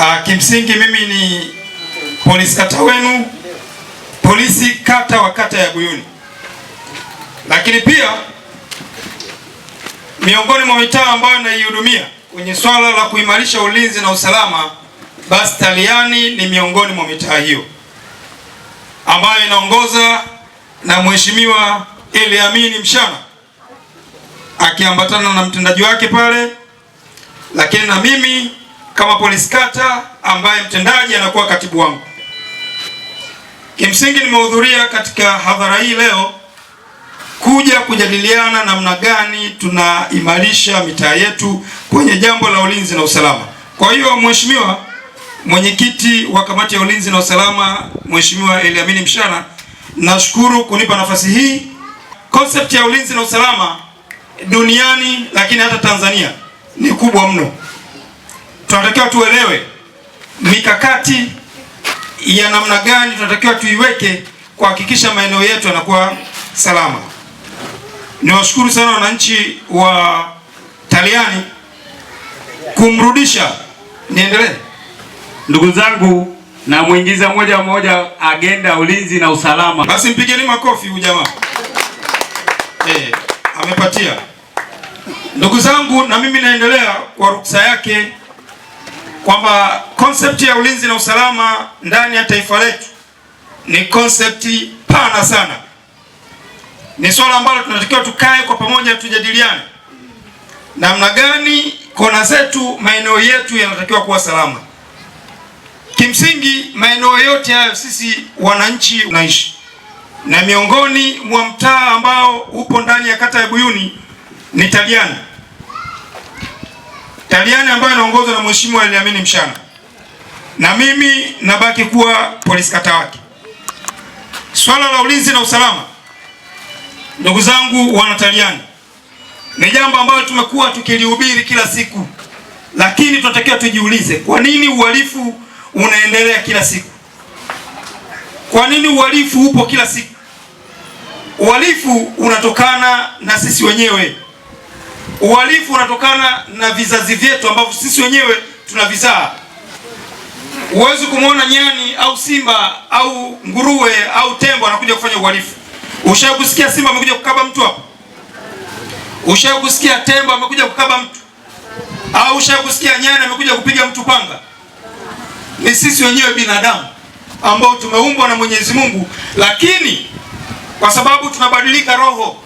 Uh, kimsingi mimi ni polisi kata wenu, polisi kata wa kata ya Buyuni, lakini pia miongoni mwa mitaa ambayo naihudumia kwenye swala la kuimarisha ulinzi na usalama, basi Taliani ni miongoni mwa mitaa hiyo ambayo inaongoza na Mheshimiwa Eliamini Mshana akiambatana na mtendaji wake pale, lakini na mimi kama polisi kata ambaye mtendaji anakuwa katibu wangu. Kimsingi nimehudhuria katika hadhara hii leo kuja kujadiliana namna gani tunaimarisha mitaa yetu kwenye jambo la ulinzi na usalama. Kwa hiyo mheshimiwa mwenyekiti wa kamati ya ulinzi na usalama, Mheshimiwa Eliamini Mshana, nashukuru kunipa nafasi hii. Concept ya ulinzi na usalama duniani, lakini hata Tanzania ni kubwa mno tunatakiwa tuelewe mikakati ya namna gani tunatakiwa tuiweke kuhakikisha maeneo yetu yanakuwa salama. Niwashukuru sana wananchi wa Taliani kumrudisha. Niendelee ndugu zangu, na muingiza moja moja agenda ulinzi na usalama, basi mpigeni makofi huyu jamaa eh, amepatia. Ndugu zangu, na mimi naendelea kwa ruksa yake kwamba konsepti ya ulinzi na usalama ndani ya taifa letu ni konsepti pana sana. Ni swala ambalo tunatakiwa tukae kwa pamoja, tujadiliane namna gani kona zetu, maeneo yetu yanatakiwa kuwa salama. Kimsingi, maeneo yote hayo sisi wananchi tunaishi, na miongoni mwa mtaa ambao upo ndani ya kata ya Buyuni ni Taliani. Taliani ambayo anaongozwa na Mheshimiwa aliamini Mshana, na mimi nabaki kuwa polisi kata wake. Swala la ulinzi na usalama, ndugu zangu wana Taliani, ni jambo ambalo tumekuwa tukilihubiri kila siku, lakini tunatakiwa tujiulize, kwa nini uhalifu unaendelea kila siku? Kwa nini uhalifu upo kila siku? Uhalifu unatokana na sisi wenyewe. Uhalifu unatokana na vizazi vyetu ambavyo sisi wenyewe tunavizaa. Huwezi kumwona nyani au simba au nguruwe au tembo anakuja kufanya uhalifu. Ushawahi kusikia simba amekuja kukaba mtu hapo? Ushawahi kusikia tembo amekuja kukaba mtu? Au ushawahi kusikia nyani amekuja kupiga mtu panga? Ni sisi wenyewe binadamu ambao tumeumbwa na Mwenyezi Mungu, lakini kwa sababu tunabadilika roho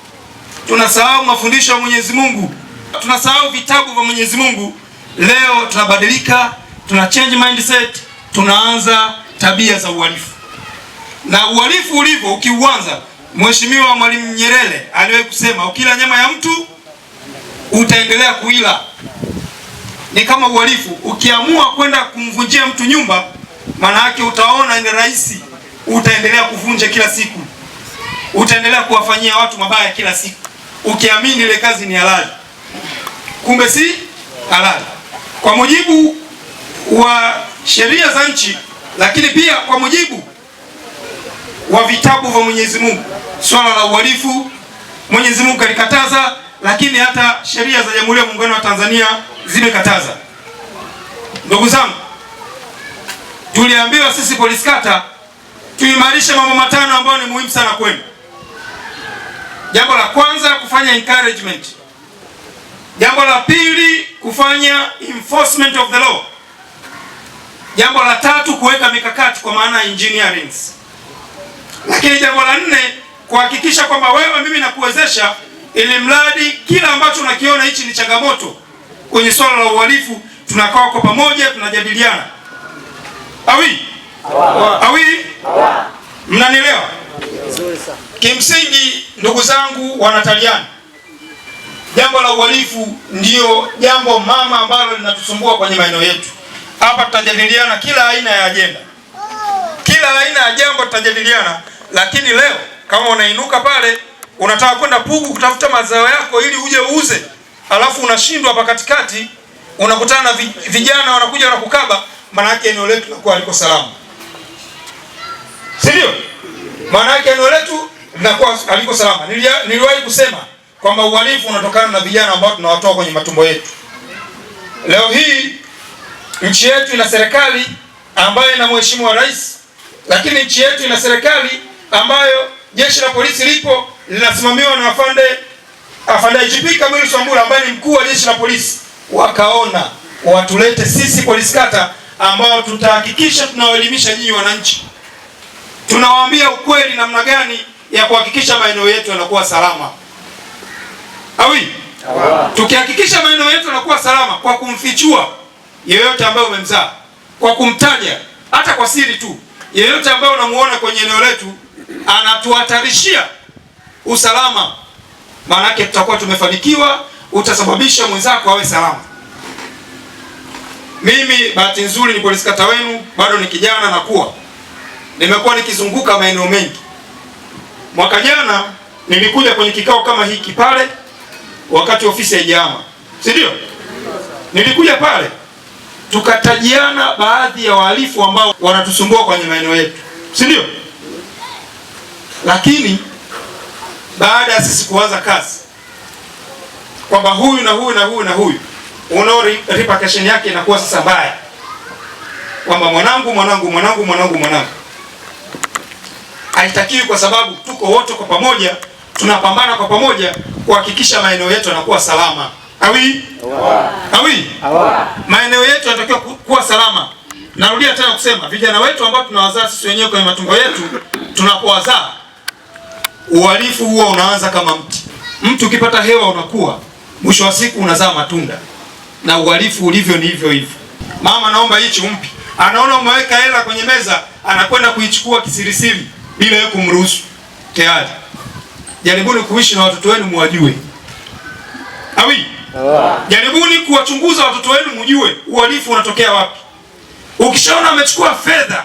tunasahau mafundisho ya Mwenyezi Mungu, tunasahau vitabu vya Mwenyezi Mungu. Leo tunabadilika, tuna change mindset, tunaanza tabia za uhalifu na uhalifu ulivyo ukiuanza. Mheshimiwa Mwalimu Nyerere aliwahi kusema ukila nyama ya mtu utaendelea kuila. Ni kama uhalifu, ukiamua kwenda kumvunjia mtu nyumba, maana yake utaona ni rahisi, utaendelea kuvunja kila siku, utaendelea kuwafanyia watu mabaya kila siku ukiamini ile kazi ni halali, kumbe si halali kwa mujibu wa sheria za nchi, lakini pia kwa mujibu wa vitabu vya Mwenyezi Mungu. Swala la uhalifu Mwenyezi Mungu kalikataza, lakini hata sheria za Jamhuri ya Muungano wa Tanzania zimekataza. Ndugu zangu, tuliambiwa sisi polisi kata tuimarishe mambo matano ambayo ni muhimu sana kwenu. Jambo la kwanza kufanya encouragement, jambo la pili kufanya enforcement of the law, jambo la tatu kuweka mikakati kwa maana engineering, lakini jambo la nne kuhakikisha kwamba wewe mimi nakuwezesha ili mradi kila ambacho unakiona hichi ni changamoto kwenye swala la uhalifu, tunakaa kwa pamoja, tunajadiliana. Awi awi, mnanielewa? Kimsingi ndugu zangu wanataliana, jambo la uhalifu ndiyo jambo mama ambalo linatusumbua kwenye maeneo yetu. Hapa tutajadiliana kila aina ya ajenda, kila aina ya jambo tutajadiliana, lakini leo kama unainuka pale unataka kwenda Pugu kutafuta mazao yako ili uje uuze, alafu unashindwa hapa katikati, unakutana na vijana wanakuja wanakukaba, maana yake eneo letu linakuwa liko salama, si ndio? Maana yake eneo letu na kwa aliko salama. Niliwahi kusema kwamba uhalifu unatokana na vijana ambao tunawatoa kwenye matumbo yetu. Leo hii nchi yetu ina serikali ambayo ina mheshimiwa rais, lakini nchi yetu ina serikali ambayo jeshi la polisi lipo linasimamiwa na afande afande IGP Kamili Sambura ambaye ni mkuu wa jeshi la polisi. Wakaona watulete sisi polisi kata ambao tutahakikisha tunawaelimisha nyinyi wananchi, tunawaambia ukweli namna gani ya kuhakikisha maeneo yetu yanakuwa salama awi tukihakikisha maeneo yetu yanakuwa salama kwa kumfichua yeyote ambaye umemzaa, kwa kumtaja hata kwa siri tu, yeyote ambaye unamuona kwenye eneo letu anatuhatarishia usalama, maana yake tutakuwa tumefanikiwa, utasababisha mwenzako awe salama. Mimi bahati nzuri ni polisi kata wenu, bado ni kijana na kuwa nimekuwa nikizunguka maeneo mengi Mwaka jana nilikuja kwenye kikao kama hiki pale, wakati ofisi ya jama, si ndio? Nilikuja pale tukatajiana baadhi ya wahalifu ambao wanatusumbua kwenye maeneo yetu, si ndio? Lakini baada ya sisi kuanza kazi kwamba huyu na huyu na huyu na huyu, unao repercussion yake inakuwa sasa mbaya, kwamba mwanangu, mwanangu, mwanangu, mwanangu, mwanangu haitakiwi, kwa sababu tuko wote kwa pamoja, tunapambana kwa pamoja kuhakikisha maeneo yetu yanakuwa salama. Awi awi, maeneo yetu yanatakiwa kuwa salama. Narudia tena kusema vijana wetu ambao tunawazaa sisi wenyewe kwenye matumbo yetu, tunapowazaa uhalifu huo unaanza kama mti. Mtu ukipata hewa unakuwa, mwisho wa siku unazaa matunda, na uhalifu ulivyo ni hivyo hivyo. Mama, naomba hichi umpi, anaona umeweka hela kwenye meza, anakwenda kuichukua kisirisiri bila yeye kumruhusu tayari. Jaribuni kuishi na watoto wenu muwajue, awi jaribuni kuwachunguza watoto wenu mjue uhalifu unatokea wapi. Ukishaona amechukua fedha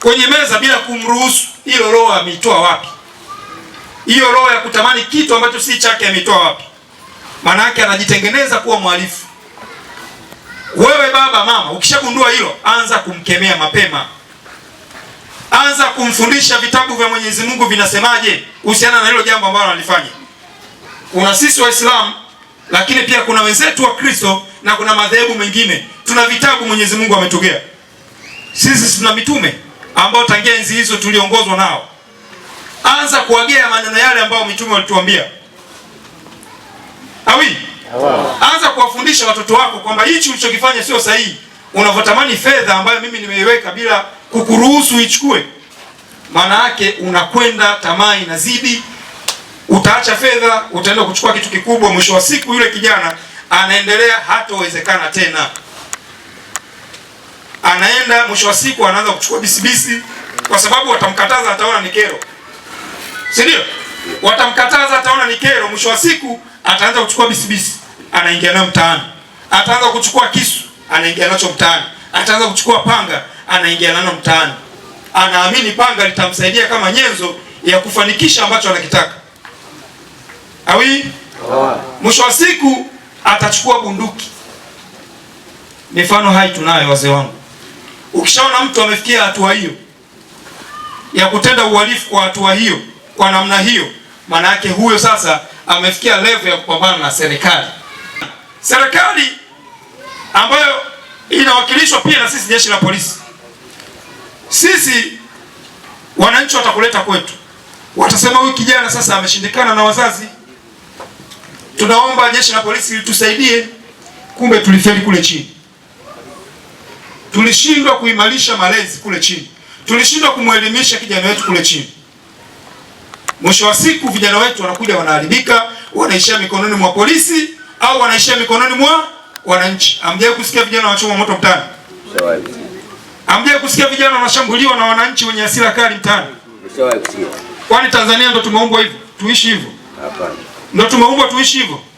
kwenye meza bila kumruhusu, hiyo roho ameitoa wapi? Hiyo roho ya kutamani kitu ambacho si chake ameitoa wapi? Maanake anajitengeneza kuwa mhalifu. Wewe baba, mama, ukishagundua hilo, anza kumkemea mapema anza kumfundisha vitabu vya Mwenyezi Mungu vinasemaje kuhusiana na hilo jambo ambalo analifanya. Kuna sisi Waislamu, lakini pia kuna wenzetu wa Kristo na kuna madhehebu mengine. Tuna vitabu Mwenyezi Mungu ametugea sisi, tuna mitume ambao tangia enzi hizo tuliongozwa nao. Anza kuagea maneno yale ambayo mitume walituambia awi anza kuwafundisha watoto wako kwamba hichi ulichokifanya sio sahihi. Unavyotamani fedha ambayo mimi nimeiweka bila kukuruhusu ichukue, maana yake unakwenda, tamaa inazidi, utaacha fedha, utaenda kuchukua kitu kikubwa. Mwisho wa siku yule kijana anaendelea hatowezekana tena, anaenda mwisho wa siku anaanza kuchukua bisibisi, kwa sababu watamkataza, ataona ni kero, si ndio? Watamkataza, ataona ni kero, mwisho wa siku ataanza kuchukua bisibisi, anaingia nayo mtaani, ataanza kuchukua kisu, anaingia nacho mtaani ataanza kuchukua panga, anaingia nalo mtaani, anaamini panga litamsaidia kama nyenzo ya kufanikisha ambacho anakitaka. Awi, mwisho wa siku atachukua bunduki. Mifano hai tunayo, wazee wangu. Ukishaona mtu amefikia hatua hiyo ya kutenda uhalifu kwa hatua hiyo, kwa namna hiyo, maana yake huyo sasa amefikia level ya kupambana na serikali. Serikali ambayo inawakilishwa pia na sisi jeshi la polisi. Sisi wananchi watakuleta kwetu, watasema huyu kijana sasa ameshindikana na wazazi, tunaomba jeshi la polisi litusaidie. Kumbe tulifeli kule chini, tulishindwa kuimarisha malezi kule chini, tulishindwa kumwelimisha kijana wetu kule chini. Mwisho wa siku vijana wetu wanakuja wanaharibika, wanaishia mikononi mwa polisi au wanaishia mikononi mwa wananchi. Hamjawahi kusikia vijana wanachomwa moto mtaani? Hamjawahi kusikia vijana wanashambuliwa na wananchi wenye hasira kali mtaani? Kwani Tanzania ndo tumeumbwa hivyo tuishi hivyo? Ndo tumeumbwa tuishi hivyo?